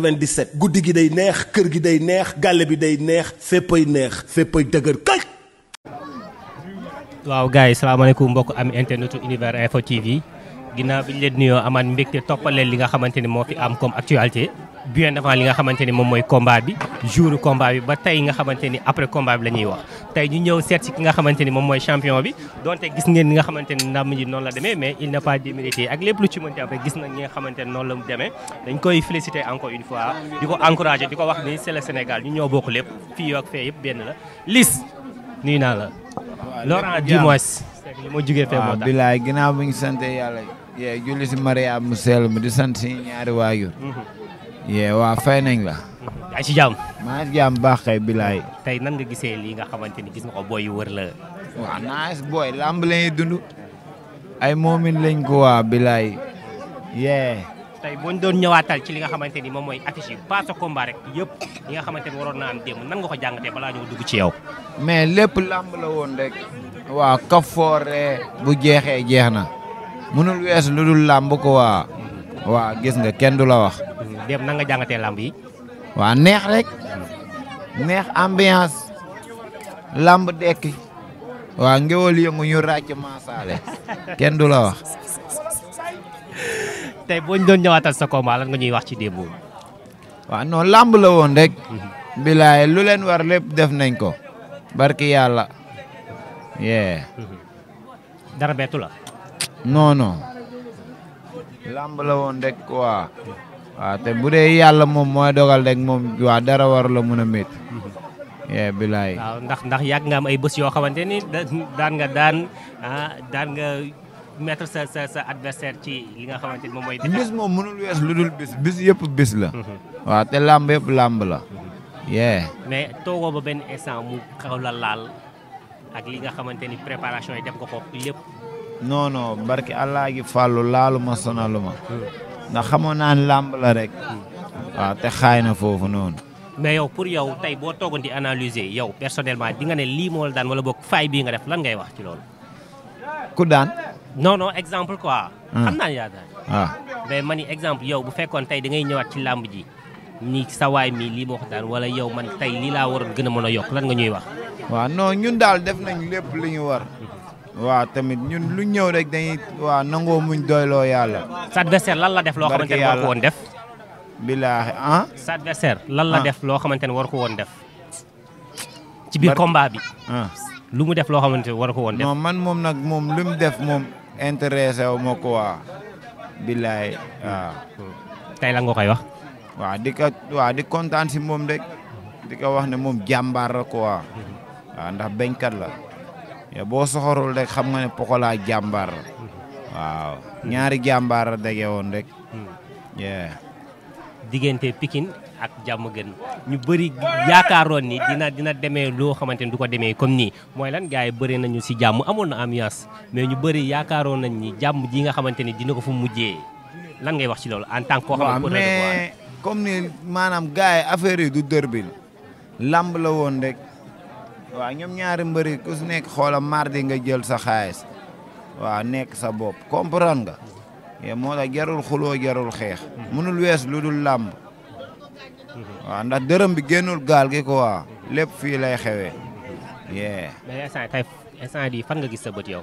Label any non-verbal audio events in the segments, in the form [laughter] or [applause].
97 guddi gi day neex kër gi day neex gàlle bi day neex féppay neex féppay dëgër kay. waaw gars yi salaamaaleykum mbokk am internetu Univers Info TV. ginnaaw bi ñu leen nuyoo amaat am comme actualité bien li nga xamante ni moom mooy combat bi jour combat bi ba tey nga xamante ni après combat bi la wax tey ñu ñëw seet si nga xamante ni moom mooy champion bi donte gis ngeen li nga xamante ni ndam ji la demee mais il n'a pas démérité ak lépp lu ci mënti après gis nañ ñi nga xamante ni la mu dañ koy féliciter encore une fois di ko encourager di ko wax ni c'est Sénégal ñu ñoo bokk lépp fii ak fee yëpp yee julli mu seel mi di sant si ñaari mm-hmm. waa fay nañ la mm-hmm. yaa ci jàmm maa baax kay tey nan nga gisee lii nga xamante ni gis nga ko yu wër la waaw naas booy làmb lañuy dund ko waa bilaay yee tey doon ñëwaatal ci li nga xamante ni moom mooy affiche yi pas sa combat rek yëpp li nga xamante ni ko jàngatee balaa ñoo dugg ci yow. mais lépp làmb la woon rek. waa kafoore bu jeexee jeex na. mënul weesu lu dul làmb ko waa waa gis nga kenn du la wax. dem na nga jàngatee làmb yi. waa neex rek neex ambiance làmb dekki waa ngéwal yëngu ñu ràcc maasaale kenn du la wax. [laughs] te boo ñu doon ñëwaatal sa combat nga ñuy wax ci démb. waaw non làmb la woon rek. Mhm. bilaay lu leen war lépp def nañ ko. barki yàlla. Mhm. dara non làmb la woon rek waa waaw te bu dee yàlla moom mooy dogal rek moom waa dara war la mën a métti. yee bilaay. ndax ndax yàgg nga am ay bés yoo xamante ni daan nga daan ah, daan nga sa sa ci li nga xamante ni moom mooy. bis moom mënul wees lu dul bis bis yëpp bis la. Mhm. waaw te làmb yëpp làmb la. Mhm. yee. mais toogoo ba benn instant mu xaw la laal ak li nga xamante ni préparation yi def ko ko lépp. non non barki allah gi fàllu laalu ma sonalu ma. ndax xamoon naa ne làmb la rek. waaw te xaay na foofu noonu. mais yow pour yow tey boo toogoon di analyser yow personnellement di nga ne lii moo la daan wala boog faay bii nga def lan ngay wax ci loolu. ku daan. non non exemple quoi. Ah. xam naa ne yaa daan. waaw ah. mais man exemple yow bu fekkoon tey da ngay ñëwaat ci làmb ji. ni sawaay mi lii moo ko daan wala yow man tey lii laa waroon gën a mën a yokk lan nga ñuy wax. waaw non ñun daal def waaw tamit ñun lu ñëw rek dañuy waaw nangoo muñ doyloo yàlla. sa adversaire lan la def loo xamante ne waru ko woon def. bilaahi ah. sa adversaire lan la ah. def loo xamante ne waru ko woon def. ci biir combat bi. Ah. lu mu def loo xamante ne waru ko woon def. non man moom nag moom lu mu def moom intéressé wu ma ko waa bilaahi waaw. tey la nga koy wax. waaw di ko waaw di kontaan si moom rek. di ko wax ne moom jàmbaar la quoi. Mhm. waaw ndax bañkat la. yow boo soxorul rek xam nga ne Pokola jàmbaar waaw ñaari jàmbaar dege woon rek. diggante Pikine ak jàmm gën ñu bëri yaakaaroon ni dina dina demee loo xamante ni du ko demee comme nii mooy lan gars yi bëri nañu si jàmm amoon na ambiance mais ñu bëri yaakaaroon nañ ni jàmm ji nga xamante ni dina ko fu mujjee lan ngay wax ci loolu en tant que. koo xam ne mais comme ni maanaam gars yi affaire yi du dër bi lamb la woon rek. waaw ñoom ñaari mbëri ku si nekk xoola mardi nga jël sa xaalis waaw nekk sa bopp comprendre nga ye moo tax jarul xuloo jarul xeex mënul wees lu dul làmb waaw ndax dërëm bi génnul gaal gi quoi lépp fii lay xewee yee mais instant fan nga gis sa bët yow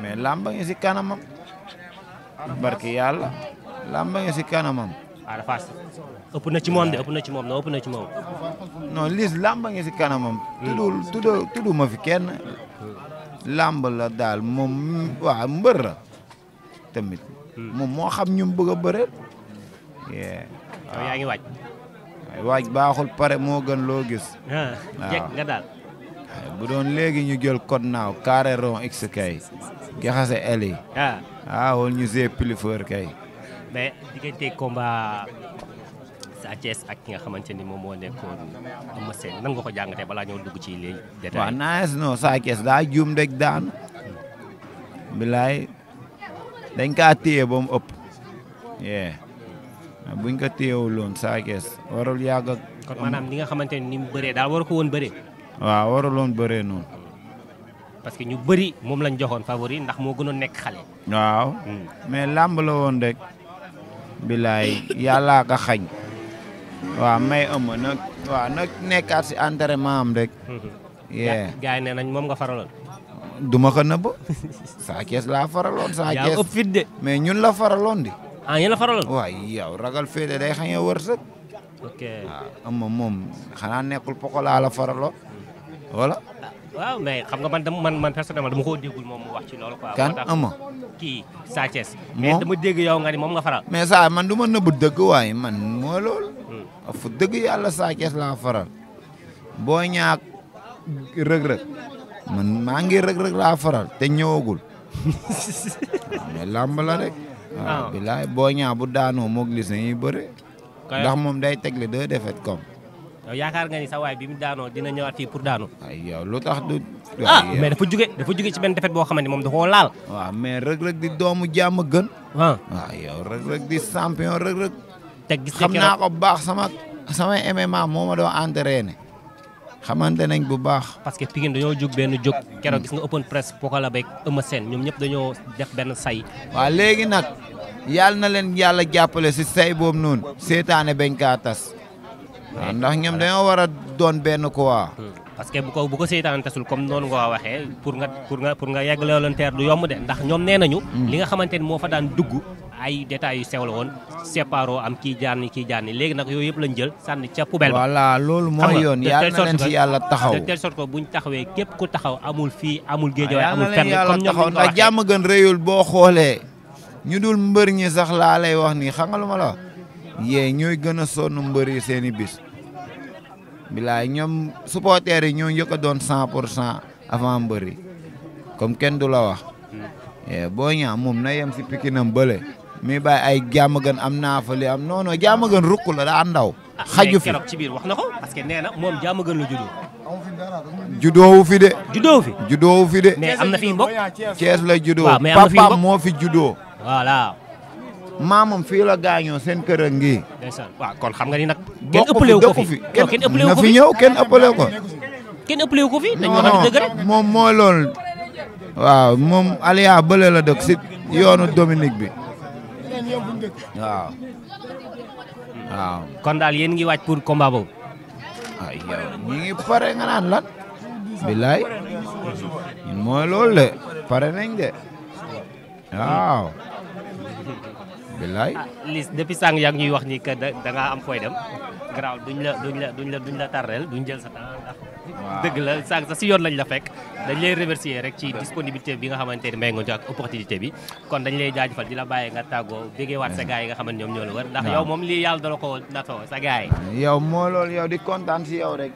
mais làmb ngi si kanamam barki yàlla làmb ngi si kanamam Ada Fass na ci moom de ëpp na ci moom non ëpp na ci moom. non Liss ngi si kanamam. tuddul hmm. tudd tuddu ma fi kenn. làmb la daal moom waa mbër la tamit. mom hmm. moo xam ñu bëgg a bëre. ngi waaj. baaxul pare moo gën loo gis. bu doon léegi ñu jël code naaw carré rond x kay. jaxase el yi. Ah, waaw ñu see pilifeur kay. mais diggante ko Sa Thiès ak ki nga xamante ni moom moo nekkoon Eumeu Sène nan ko jàngatee balaa ñoo dugg ci les détails. waaw naaj non daa juum rek daan. bilaay dañ kaa téye ba mu ëpp. buñ ko téyewuloon Sa Thiès warul yàgg ak. kon maanaam li nga xamante ni mu bëree daal waru ko woon bëree. waaw waruloon bëree noonu. parce que ñu bëri moom lañ joxoon favori ndax moo a nekk xale. waaw hmm. mais làmb woon rek. bilaay yàllaa ka xañ waaw may ëmb nag waaw nag nekkaat si entraînement am rek [laughs] yee gars yi nañ moom nga faraloon duma ko nëbb [laughs] saa laa faraloon saa kees de mais ñun la faraloon di ah yéen la faraloon waaw yow ragal féete day xañee wërsëg ok waaw moom xanaa nekkul pokolaa la faraloon voilà waaw mais xam nga man dama man man personnellement dama koo déggul moom mu wax ci loolu quoi. kan ama kii Sa mais dama dégg yow nga ni moom nga faral. mais saa man du ma nëbb dëgg waaye man moo loolu. Hmm. fu dëgg yàlla Sa Thiès faral. boo ñaak rëg maa ngi rëg-rëg faral te ñëwagul. [laughs] mais làmb la rek. Ah. waaw bilaay boo ñaa bu daanoo moog lis nañuy bëre. ndax moom day tegle deux défaites yow yaakaar nga ni sa waay bi mu daanoo dina ñëwaat fii pour daanu. ay yow lu tax du. ah mais dafa jóge dafa jóge ci benn defet boo xamante moom da koo laal. waaw mais rëg-rëg di doomu jàmm gën. Ah. waaw yow rëg-rëg di champion rëg-rëg. te gis xam naa ko baax sama sama MMA moo ma doon entraîné. xamante nañ bu baax. parce que Pikine dañoo jóg benn jóg. keroog gis nga open press Pokola be Eumeu seen ñoom ñëpp dañoo def benn say. waa léegi nag yàlla na leen yàlla jàppale si say boobu noonu. seetaane bañ kaa tas. waaw ah, ndax ñoom dañoo war a doon benn quoi. Hmm. parce que bu ko bu ko seytaan tasul comme noonu nga waxee pour nga pour nga pour nga yegg volontaire du yomb de ndax ñoom nee nañu. Hmm. li nga xamante ni moo fa daan dugg. ay détails yu sew la woon séparoo am kii jaar kii jaar ni léegi nag yooyu yëpp lañ jël sànni ca poubelle ba. voilà loolu mooy yoon yal na yàlla taxaw de telle sorte que buñ taxawee képp ku taxaw amul fii amul géej waaye ah, amul fenn comme ñoom ndax jàmm gën réyul boo xoolee ñu dul mbër ñi sax laa lay wax ni xam nga la yee ñooy gën a sonn mbër yi seen bilaay ñoom supporters yi ñoo njëkk a doon cent pour cent avant mbëri comme kenn du la wax. Eh, boo ñaa moom na yem si pikinam bële. mi bàyyi ay jàmm gan am naa fa am non non jàmm gan rukk la daa ndaw. Ah, xaju fi keroog ci biir wax na parce que nee na moom jàmm gan la juddoo. juddoowu fi de. juddoowu fi de. mais am na fi mbokk. Cees la juddoo. waaw mais am moo fi juddoo. maamam fii la gaañoo seen kër a ngi. kon xam nga ni nag. kenn ëppale fi kenn ëppale wu ko ko. fi dañu wax moom moo loolu. waaw moom Aliya bële la dëkk si yoonu Dominique bi waaw. waaw kon daal yéen ngi waaj pour combat boobu. ay yow ngi pare nga naan lan. bilaay mooy loolu de pare nañ de waaw. billaay ah, Liss depuis sàng yaa ngi ñuy wax ni que da am fooy dem. garaaw duñ la duñ la duñ la duñ la tardel duñ jël sa temps ndax. dëgg la sàng sa si yoon lañ la fekk. dañ lay remercier rek ci disponibilité bi nga xamante ni may nga ak opportunité bi. kon dañ lay jaajëfal di la bàyyi nga tàggoo déggee waat sa gars nga xam ne ñoom ñoo la war. ndax yow moom lii yàlla dala ko natoo sa gars yi. yow moo loolu yow di kontaan si yow rek.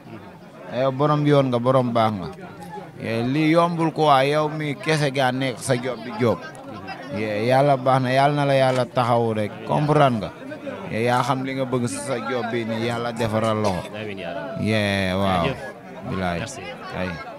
yow borom yoon nga borom baax nga. Eh, lii yombul ko waa yow mi kese gaa sa job bi job yàlla baax na yàlla na la yàlla taxawu rek comprendre nga. yaa xam li nga bëgg sa job bi ni yàlla defaral loxo. waaw. bilaay ay